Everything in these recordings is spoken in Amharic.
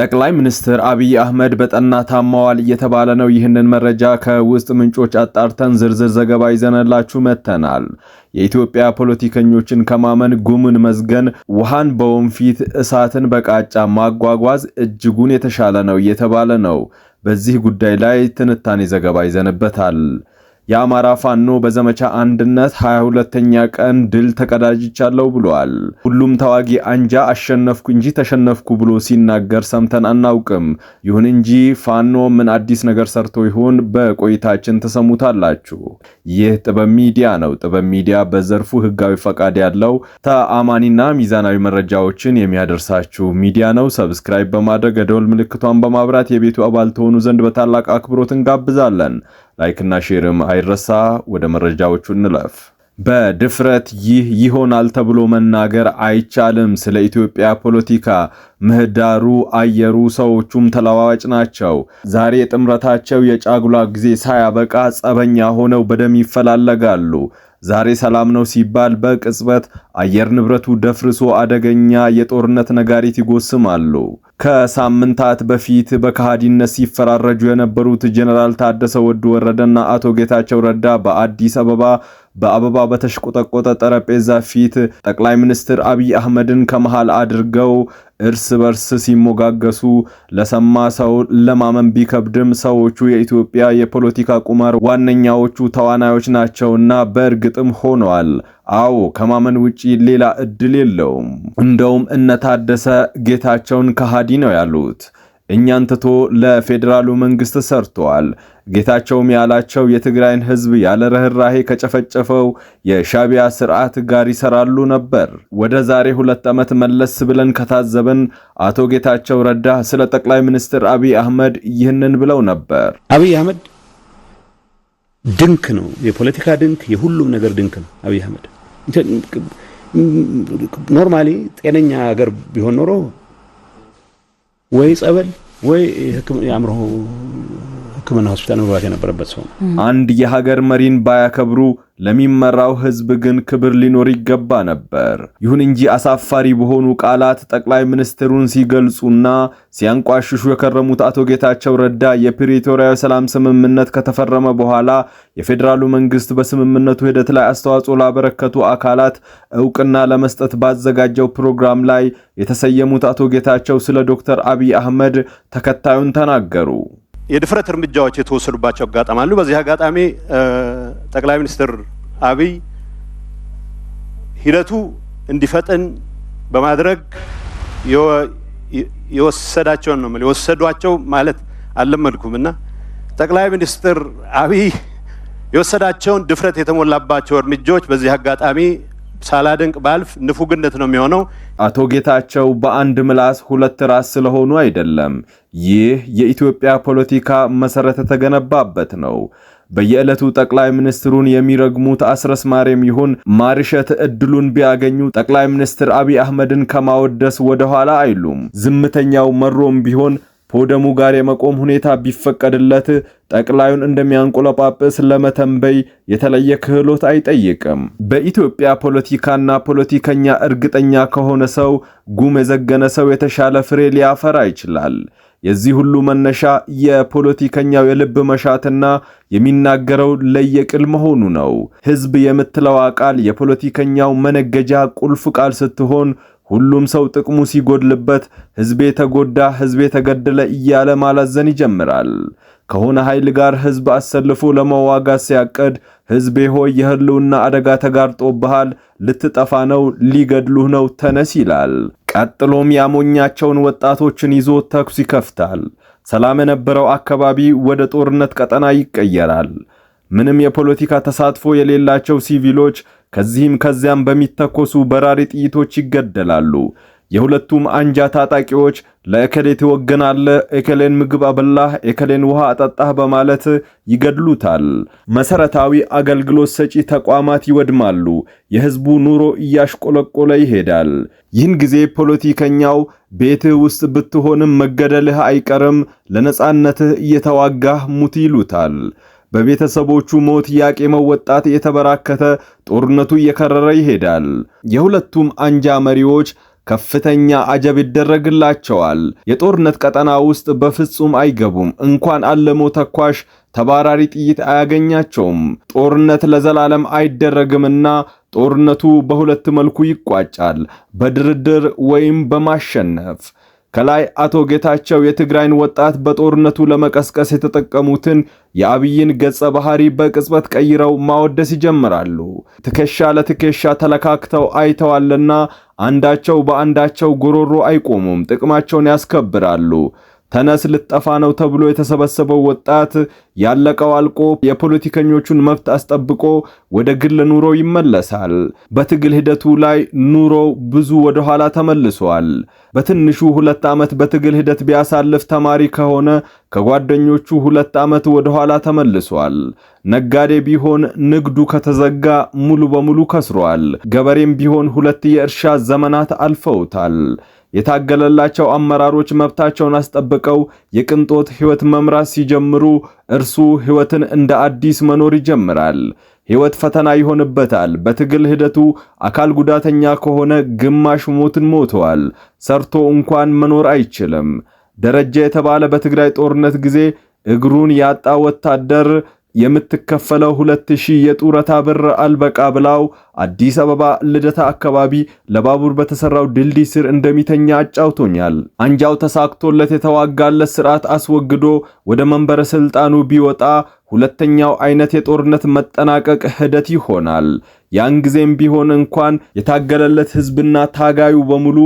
ጠቅላይ ሚኒስትር አብይ አህመድ በጠና ታማዋል እየተባለ ነው። ይህንን መረጃ ከውስጥ ምንጮች አጣርተን ዝርዝር ዘገባ ይዘነላችሁ መጥተናል። የኢትዮጵያ ፖለቲከኞችን ከማመን ጉምን መዝገን፣ ውሃን በወንፊት እሳትን በቃጫ ማጓጓዝ እጅጉን የተሻለ ነው እየተባለ ነው። በዚህ ጉዳይ ላይ ትንታኔ ዘገባ ይዘንበታል። የአማራ ፋኖ በዘመቻ አንድነት 22 ተኛ ቀን ድል ተቀዳጅቻለሁ ብሏል። ሁሉም ተዋጊ አንጃ አሸነፍኩ እንጂ ተሸነፍኩ ብሎ ሲናገር ሰምተን አናውቅም። ይሁን እንጂ ፋኖ ምን አዲስ ነገር ሰርቶ ይሆን? በቆይታችን ተሰሙታላችሁ። ይህ ጥበብ ሚዲያ ነው። ጥበብ ሚዲያ በዘርፉ ህጋዊ ፈቃድ ያለው ተአማኒና ሚዛናዊ መረጃዎችን የሚያደርሳችሁ ሚዲያ ነው። ሰብስክራይብ በማድረግ የደወል ምልክቷን በማብራት የቤቱ አባል ተሆኑ ዘንድ በታላቅ አክብሮት እንጋብዛለን። ላይክና ሼርም አይረሳ። ወደ መረጃዎቹ እንለፍ። በድፍረት ይህ ይሆናል ተብሎ መናገር አይቻልም። ስለ ኢትዮጵያ ፖለቲካ ምህዳሩ፣ አየሩ፣ ሰዎቹም ተለዋዋጭ ናቸው። ዛሬ ጥምረታቸው የጫጉላ ጊዜ ሳያበቃ ጸበኛ ሆነው በደም ይፈላለጋሉ። ዛሬ ሰላም ነው ሲባል በቅጽበት አየር ንብረቱ ደፍርሶ አደገኛ የጦርነት ነጋሪት ይጎስማሉ። ከሳምንታት በፊት በከሃዲነት ሲፈራረጁ የነበሩት ጀነራል ታደሰ ወዱ ወረደና አቶ ጌታቸው ረዳ በአዲስ አበባ በአበባ በተሽቆጠቆጠ ጠረጴዛ ፊት ጠቅላይ ሚኒስትር አብይ አህመድን ከመሃል አድርገው እርስ በርስ ሲሞጋገሱ ለሰማ ሰው ለማመን ቢከብድም ሰዎቹ የኢትዮጵያ የፖለቲካ ቁማር ዋነኛዎቹ ተዋናዮች ናቸውና በእርግጥም ሆነዋል። አዎ ከማመን ውጪ ሌላ እድል የለውም። እንደውም እነ ታደሰ ጌታቸውን ከሃዲ ነው ያሉት። እኛን ትቶ ለፌዴራሉ መንግስት ሰርቷል። ጌታቸውም ያላቸው የትግራይን ህዝብ ያለ ርኅራሄ ከጨፈጨፈው የሻቢያ ስርዓት ጋር ይሰራሉ ነበር። ወደ ዛሬ ሁለት ዓመት መለስ ብለን ከታዘብን አቶ ጌታቸው ረዳ ስለ ጠቅላይ ሚኒስትር አብይ አህመድ ይህንን ብለው ነበር። አብይ አህመድ ድንክ ነው፣ የፖለቲካ ድንክ፣ የሁሉም ነገር ድንክ ነው። አብይ አህመድ ኖርማሊ ጤነኛ ሀገር ቢሆን ኖሮ ወይ ጸበል ወይ ሕክምና የአእምሮ ሕክምና ሆስፒታል መግባት የነበረበት ሰው ነው። አንድ የሀገር መሪን ባያከብሩ ለሚመራው ህዝብ ግን ክብር ሊኖር ይገባ ነበር። ይሁን እንጂ አሳፋሪ በሆኑ ቃላት ጠቅላይ ሚኒስትሩን ሲገልጹና ሲያንቋሽሹ የከረሙት አቶ ጌታቸው ረዳ የፕሪቶሪያው ሰላም ስምምነት ከተፈረመ በኋላ የፌዴራሉ መንግስት በስምምነቱ ሂደት ላይ አስተዋጽኦ ላበረከቱ አካላት እውቅና ለመስጠት ባዘጋጀው ፕሮግራም ላይ የተሰየሙት አቶ ጌታቸው ስለ ዶክተር አብይ አህመድ ተከታዩን ተናገሩ። የድፍረት እርምጃዎች የተወሰዱባቸው አጋጣሚ አሉ። በዚህ አጋጣሚ ጠቅላይ ሚኒስትር አብይ ሂደቱ እንዲፈጥን በማድረግ የወሰዳቸውን ነው የወሰዷቸው ማለት አልለመድኩም እና ጠቅላይ ሚኒስትር አብይ የወሰዳቸውን ድፍረት የተሞላባቸው እርምጃዎች በዚህ አጋጣሚ ሳላደንቅ ባልፍ ንፉግነት ነው የሚሆነው። አቶ ጌታቸው በአንድ ምላስ ሁለት ራስ ስለሆኑ አይደለም። ይህ የኢትዮጵያ ፖለቲካ መሰረት የተገነባበት ነው። በየዕለቱ ጠቅላይ ሚኒስትሩን የሚረግሙት አስረስማሬም ይሁን ማርሸት እድሉን ቢያገኙ ጠቅላይ ሚኒስትር አብይ አህመድን ከማወደስ ወደኋላ አይሉም። ዝምተኛው መሮም ቢሆን ፖደሙ ጋር የመቆም ሁኔታ ቢፈቀድለት ጠቅላዩን እንደሚያንቆለጳጵስ ለመተንበይ የተለየ ክህሎት አይጠይቅም። በኢትዮጵያ ፖለቲካና ፖለቲከኛ እርግጠኛ ከሆነ ሰው ጉም የዘገነ ሰው የተሻለ ፍሬ ሊያፈራ ይችላል። የዚህ ሁሉ መነሻ የፖለቲከኛው የልብ መሻትና የሚናገረው ለየቅል መሆኑ ነው። ሕዝብ የምትለዋ ቃል የፖለቲከኛው መነገጃ ቁልፍ ቃል ስትሆን ሁሉም ሰው ጥቅሙ ሲጎድልበት ሕዝቤ ተጎዳ፣ ሕዝቤ ተገደለ እያለ ማላዘን ይጀምራል። ከሆነ ኃይል ጋር ሕዝብ አሰልፎ ለመዋጋት ሲያቅድ ሕዝቤ ሆይ የህልውና አደጋ ተጋርጦብሃል፣ ልትጠፋ ነው፣ ሊገድሉህ ነው፣ ተነስ ይላል። ቀጥሎም ያሞኛቸውን ወጣቶችን ይዞ ተኩስ ይከፍታል። ሰላም የነበረው አካባቢ ወደ ጦርነት ቀጠና ይቀየራል። ምንም የፖለቲካ ተሳትፎ የሌላቸው ሲቪሎች ከዚህም ከዚያም በሚተኮሱ በራሪ ጥይቶች ይገደላሉ። የሁለቱም አንጃ ታጣቂዎች ለእከሌ ትወገናለ እከሌን ምግብ አበላህ፣ እከሌን ውሃ አጠጣህ በማለት ይገድሉታል። መሰረታዊ አገልግሎት ሰጪ ተቋማት ይወድማሉ። የህዝቡ ኑሮ እያሽቆለቆለ ይሄዳል። ይህን ጊዜ ፖለቲከኛው ቤትህ ውስጥ ብትሆንም መገደልህ አይቀርም፣ ለነጻነትህ እየተዋጋህ ሙት ይሉታል። በቤተሰቦቹ ሞት ያቄመው ወጣት የተበራከተ፣ ጦርነቱ እየከረረ ይሄዳል። የሁለቱም አንጃ መሪዎች ከፍተኛ አጀብ ይደረግላቸዋል። የጦርነት ቀጠና ውስጥ በፍጹም አይገቡም። እንኳን አለሞ ተኳሽ ተባራሪ ጥይት አያገኛቸውም። ጦርነት ለዘላለም አይደረግምና ጦርነቱ በሁለት መልኩ ይቋጫል፣ በድርድር ወይም በማሸነፍ። ከላይ አቶ ጌታቸው የትግራይን ወጣት በጦርነቱ ለመቀስቀስ የተጠቀሙትን የአብይን ገጸ ባህሪ በቅጽበት ቀይረው ማወደስ ይጀምራሉ። ትከሻ ለትከሻ ተለካክተው አይተዋልና አንዳቸው በአንዳቸው ጉሮሮ አይቆሙም፣ ጥቅማቸውን ያስከብራሉ። ተነስ ልጠፋ ነው ተብሎ የተሰበሰበው ወጣት ያለቀው አልቆ የፖለቲከኞቹን መብት አስጠብቆ ወደ ግል ኑሮ ይመለሳል። በትግል ሂደቱ ላይ ኑሮ ብዙ ወደኋላ ተመልሷል። በትንሹ ሁለት ዓመት በትግል ሂደት ቢያሳልፍ ተማሪ ከሆነ ከጓደኞቹ ሁለት ዓመት ወደኋላ ተመልሷል። ነጋዴ ቢሆን ንግዱ ከተዘጋ ሙሉ በሙሉ ከስሯል። ገበሬም ቢሆን ሁለት የእርሻ ዘመናት አልፈውታል። የታገለላቸው አመራሮች መብታቸውን አስጠብቀው የቅንጦት ሕይወት መምራት ሲጀምሩ እርሱ ሕይወትን እንደ አዲስ መኖር ይጀምራል። ሕይወት ፈተና ይሆንበታል። በትግል ሂደቱ አካል ጉዳተኛ ከሆነ ግማሽ ሞትን ሞተዋል። ሰርቶ እንኳን መኖር አይችልም። ደረጃ የተባለ በትግራይ ጦርነት ጊዜ እግሩን ያጣ ወታደር የምትከፈለው ሁለት ሺህ የጡረታ ብር አልበቃ ብላው አዲስ አበባ ልደታ አካባቢ ለባቡር በተሰራው ድልድይ ስር እንደሚተኛ አጫውቶኛል። አንጃው ተሳክቶለት የተዋጋለት ስርዓት አስወግዶ ወደ መንበረ ስልጣኑ ቢወጣ ሁለተኛው አይነት የጦርነት መጠናቀቅ ሂደት ይሆናል። ያን ጊዜም ቢሆን እንኳን የታገለለት ህዝብና ታጋዩ በሙሉ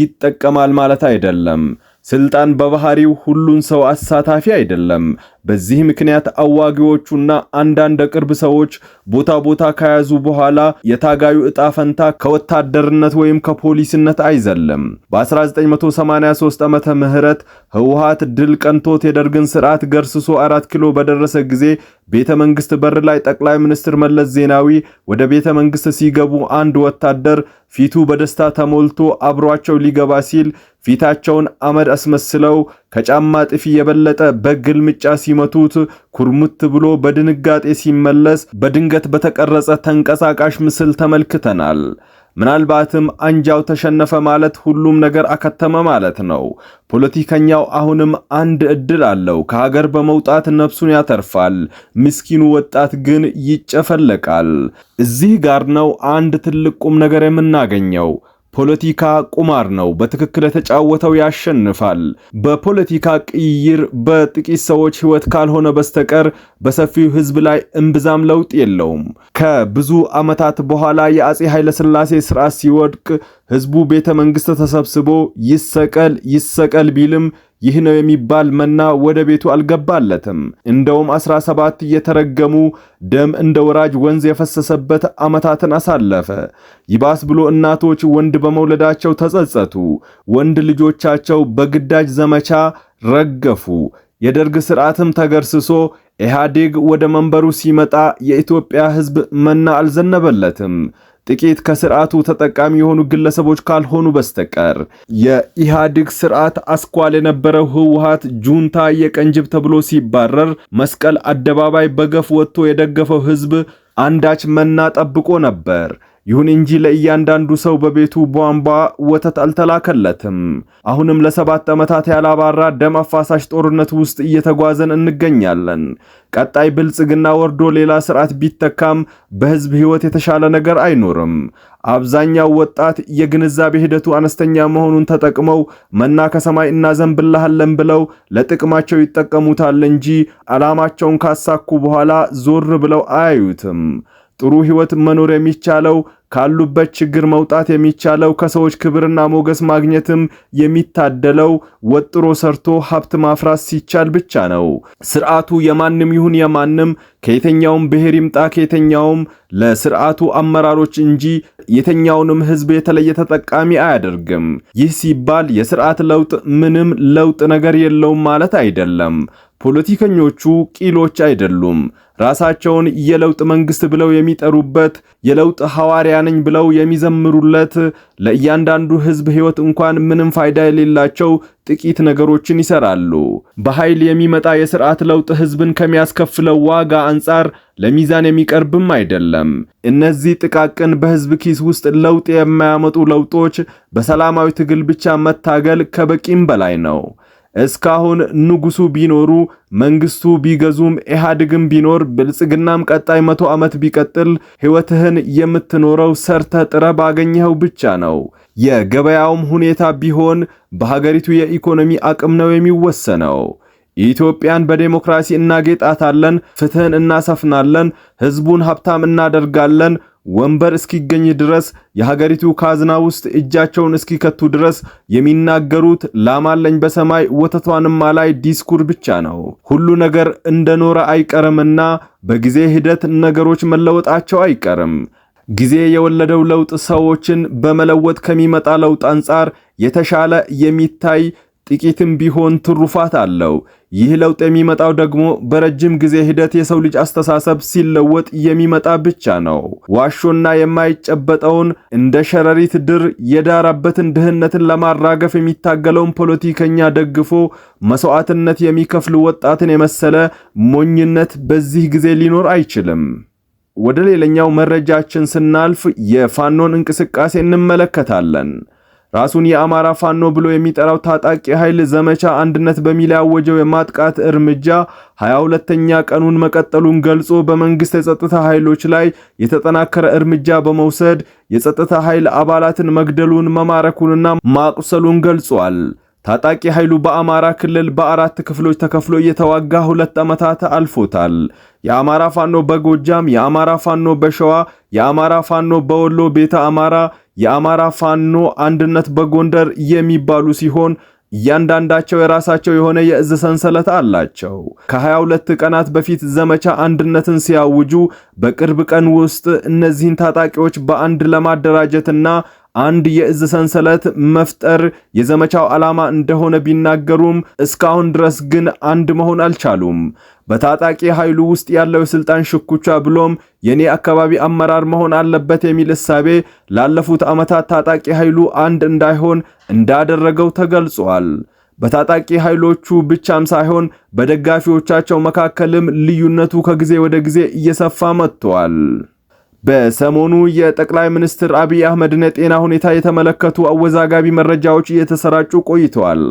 ይጠቀማል ማለት አይደለም። ስልጣን በባህሪው ሁሉን ሰው አሳታፊ አይደለም። በዚህ ምክንያት አዋጊዎቹና አንዳንድ ቅርብ ሰዎች ቦታ ቦታ ከያዙ በኋላ የታጋዩ እጣ ፈንታ ከወታደርነት ወይም ከፖሊስነት አይዘለም። በ1983 ዓመተ ምህረት ህወሓት ድል ቀንቶት የደርግን ስርዓት ገርስሶ አራት ኪሎ በደረሰ ጊዜ ቤተ መንግስት በር ላይ ጠቅላይ ሚኒስትር መለስ ዜናዊ ወደ ቤተ መንግስት ሲገቡ አንድ ወታደር ፊቱ በደስታ ተሞልቶ አብሯቸው ሊገባ ሲል ፊታቸውን አመድ አስመስለው ከጫማ ጥፊ የበለጠ በግልምጫ ሲመቱት ኩርሙት ብሎ በድንጋጤ ሲመለስ በድንገት በተቀረጸ ተንቀሳቃሽ ምስል ተመልክተናል። ምናልባትም አንጃው ተሸነፈ ማለት ሁሉም ነገር አከተመ ማለት ነው። ፖለቲከኛው አሁንም አንድ እድል አለው። ከሀገር በመውጣት ነፍሱን ያተርፋል። ምስኪኑ ወጣት ግን ይጨፈለቃል። እዚህ ጋር ነው አንድ ትልቅ ቁም ነገር የምናገኘው። ፖለቲካ ቁማር ነው። በትክክል የተጫወተው ያሸንፋል። በፖለቲካ ቅይር በጥቂት ሰዎች ሕይወት ካልሆነ በስተቀር በሰፊው ሕዝብ ላይ እምብዛም ለውጥ የለውም። ከብዙ ዓመታት በኋላ የአፄ ኃይለሥላሴ ስርዓት ሲወድቅ ሕዝቡ ቤተ መንግሥት ተሰብስቦ ይሰቀል ይሰቀል ቢልም ይህ ነው የሚባል መና ወደ ቤቱ አልገባለትም። እንደውም 17 እየተረገሙ ደም እንደ ወራጅ ወንዝ የፈሰሰበት ዓመታትን አሳለፈ። ይባስ ብሎ እናቶች ወንድ በመውለዳቸው ተጸጸቱ። ወንድ ልጆቻቸው በግዳጅ ዘመቻ ረገፉ። የደርግ ስርዓትም ተገርስሶ ኢህአዴግ ወደ መንበሩ ሲመጣ የኢትዮጵያ ሕዝብ መና አልዘነበለትም። ጥቂት ከስርዓቱ ተጠቃሚ የሆኑ ግለሰቦች ካልሆኑ በስተቀር የኢህአዴግ ስርዓት አስኳል የነበረው ህወሀት ጁንታ የቀንጅብ ተብሎ ሲባረር መስቀል አደባባይ በገፍ ወጥቶ የደገፈው ህዝብ አንዳች መና ጠብቆ ነበር። ይሁን እንጂ ለእያንዳንዱ ሰው በቤቱ ቧንቧ ወተት አልተላከለትም። አሁንም ለሰባት ዓመታት ያላባራ ደም አፋሳሽ ጦርነት ውስጥ እየተጓዘን እንገኛለን። ቀጣይ ብልጽግና ወርዶ ሌላ ስርዓት ቢተካም በህዝብ ህይወት የተሻለ ነገር አይኖርም። አብዛኛው ወጣት የግንዛቤ ሂደቱ አነስተኛ መሆኑን ተጠቅመው መና ከሰማይ እናዘንብልሃለን ብለው ለጥቅማቸው ይጠቀሙታል እንጂ ዓላማቸውን ካሳኩ በኋላ ዞር ብለው አያዩትም። ጥሩ ህይወት መኖር የሚቻለው ካሉበት ችግር መውጣት የሚቻለው ከሰዎች ክብርና ሞገስ ማግኘትም የሚታደለው ወጥሮ ሰርቶ ሀብት ማፍራት ሲቻል ብቻ ነው። ስርዓቱ የማንም ይሁን የማንም ከየተኛውም ብሔር ይምጣ ከየተኛውም ለስርዓቱ አመራሮች እንጂ የተኛውንም ህዝብ የተለየ ተጠቃሚ አያደርግም። ይህ ሲባል የስርዓት ለውጥ ምንም ለውጥ ነገር የለውም ማለት አይደለም። ፖለቲከኞቹ ቂሎች አይደሉም። ራሳቸውን የለውጥ መንግስት ብለው የሚጠሩበት የለውጥ ሐዋርያ ነኝ ብለው የሚዘምሩለት ለእያንዳንዱ ሕዝብ ሕይወት እንኳን ምንም ፋይዳ የሌላቸው ጥቂት ነገሮችን ይሰራሉ። በኃይል የሚመጣ የስርዓት ለውጥ ሕዝብን ከሚያስከፍለው ዋጋ አንጻር ለሚዛን የሚቀርብም አይደለም። እነዚህ ጥቃቅን በሕዝብ ኪስ ውስጥ ለውጥ የማያመጡ ለውጦች በሰላማዊ ትግል ብቻ መታገል ከበቂም በላይ ነው። እስካሁን ንጉሱ ቢኖሩ መንግስቱ ቢገዙም ኢህአዴግም ቢኖር ብልጽግናም ቀጣይ መቶ ዓመት ቢቀጥል ሕይወትህን የምትኖረው ሰርተ ጥረ ባገኘኸው ብቻ ነው። የገበያውም ሁኔታ ቢሆን በሀገሪቱ የኢኮኖሚ አቅም ነው የሚወሰነው። ኢትዮጵያን በዴሞክራሲ እናጌጣታለን፣ ፍትህን እናሰፍናለን፣ ህዝቡን ሀብታም እናደርጋለን፣ ወንበር እስኪገኝ ድረስ የሀገሪቱ ካዝና ውስጥ እጃቸውን እስኪከቱ ድረስ የሚናገሩት ላማለኝ በሰማይ ወተቷንማ ላይ ዲስኩር ብቻ ነው። ሁሉ ነገር እንደኖረ አይቀርምና በጊዜ ሂደት ነገሮች መለወጣቸው አይቀርም። ጊዜ የወለደው ለውጥ ሰዎችን በመለወጥ ከሚመጣ ለውጥ አንጻር የተሻለ የሚታይ ጥቂትም ቢሆን ትሩፋት አለው። ይህ ለውጥ የሚመጣው ደግሞ በረጅም ጊዜ ሂደት የሰው ልጅ አስተሳሰብ ሲለወጥ የሚመጣ ብቻ ነው። ዋሾና የማይጨበጠውን እንደ ሸረሪት ድር የዳራበትን ድህነትን ለማራገፍ የሚታገለውን ፖለቲከኛ ደግፎ መስዋዕትነት የሚከፍል ወጣትን የመሰለ ሞኝነት በዚህ ጊዜ ሊኖር አይችልም። ወደ ሌላኛው መረጃችን ስናልፍ የፋኖን እንቅስቃሴ እንመለከታለን። ራሱን የአማራ ፋኖ ብሎ የሚጠራው ታጣቂ ኃይል ዘመቻ አንድነት በሚል ያወጀው የማጥቃት እርምጃ 22ኛ ቀኑን መቀጠሉን ገልጾ በመንግስት የጸጥታ ኃይሎች ላይ የተጠናከረ እርምጃ በመውሰድ የጸጥታ ኃይል አባላትን መግደሉን መማረኩንና ማቁሰሉን ገልጿል። ታጣቂ ኃይሉ በአማራ ክልል በአራት ክፍሎች ተከፍሎ እየተዋጋ ሁለት ዓመታት አልፎታል። የአማራ ፋኖ በጎጃም፣ የአማራ ፋኖ በሸዋ፣ የአማራ ፋኖ በወሎ ቤተ አማራ፣ የአማራ ፋኖ አንድነት በጎንደር የሚባሉ ሲሆን እያንዳንዳቸው የራሳቸው የሆነ የእዝ ሰንሰለት አላቸው። ከ22 ቀናት በፊት ዘመቻ አንድነትን ሲያውጁ በቅርብ ቀን ውስጥ እነዚህን ታጣቂዎች በአንድ ለማደራጀትና አንድ የእዝ ሰንሰለት መፍጠር የዘመቻው ዓላማ እንደሆነ ቢናገሩም እስካሁን ድረስ ግን አንድ መሆን አልቻሉም። በታጣቂ ኃይሉ ውስጥ ያለው የስልጣን ሽኩቻ ብሎም የኔ አካባቢ አመራር መሆን አለበት የሚል እሳቤ ላለፉት ዓመታት ታጣቂ ኃይሉ አንድ እንዳይሆን እንዳደረገው ተገልጿል። በታጣቂ ኃይሎቹ ብቻም ሳይሆን በደጋፊዎቻቸው መካከልም ልዩነቱ ከጊዜ ወደ ጊዜ እየሰፋ መጥቷል። በሰሞኑ የጠቅላይ ሚኒስትር አብይ አህመድን የጤና ሁኔታ የተመለከቱ አወዛጋቢ መረጃዎች እየተሰራጩ ቆይተዋል።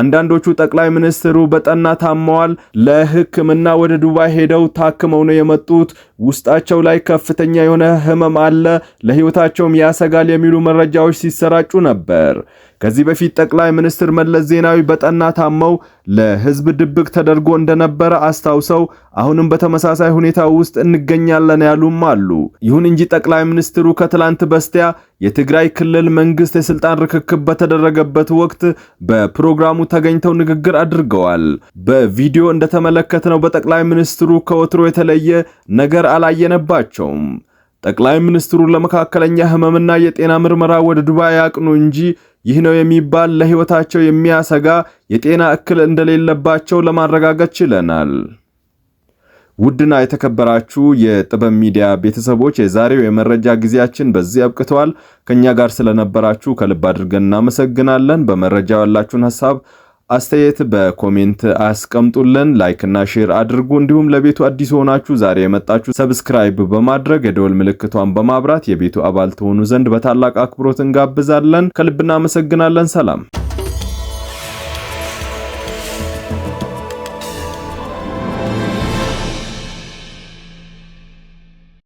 አንዳንዶቹ ጠቅላይ ሚኒስትሩ በጠና ታመዋል፣ ለሕክምና ወደ ዱባይ ሄደው ታክመው ነው የመጡት፣ ውስጣቸው ላይ ከፍተኛ የሆነ ህመም አለ፣ ለህይወታቸውም ያሰጋል የሚሉ መረጃዎች ሲሰራጩ ነበር። ከዚህ በፊት ጠቅላይ ሚኒስትር መለስ ዜናዊ በጠና ታመው ለህዝብ ድብቅ ተደርጎ እንደነበረ አስታውሰው አሁንም በተመሳሳይ ሁኔታ ውስጥ እንገኛለን ያሉም አሉ። ይሁን እንጂ ጠቅላይ ሚኒስትሩ ከትላንት በስቲያ የትግራይ ክልል መንግስት የስልጣን ርክክብ በተደረገበት ወቅት በፕሮግራሙ ተገኝተው ንግግር አድርገዋል። በቪዲዮ እንደተመለከትነው በጠቅላይ ሚኒስትሩ ከወትሮ የተለየ ነገር አላየነባቸውም። ጠቅላይ ሚኒስትሩ ለመካከለኛ ህመምና የጤና ምርመራ ወደ ዱባይ ያቅኑ እንጂ ይህ ነው የሚባል ለህይወታቸው የሚያሰጋ የጤና እክል እንደሌለባቸው ለማረጋገጥ ችለናል። ውድና የተከበራችሁ የጥበብ ሚዲያ ቤተሰቦች የዛሬው የመረጃ ጊዜያችን በዚህ አብቅተዋል። ከእኛ ጋር ስለነበራችሁ ከልብ አድርገን እናመሰግናለን። በመረጃው ያላችሁን ሀሳብ አስተያየት በኮሜንት አስቀምጡልን። ላይክና ሼር አድርጉ። እንዲሁም ለቤቱ አዲስ ሆናችሁ ዛሬ የመጣችሁ ሰብስክራይብ በማድረግ የደወል ምልክቷን በማብራት የቤቱ አባል ትሆኑ ዘንድ በታላቅ አክብሮት እንጋብዛለን። ከልብ እናመሰግናለን። ሰላም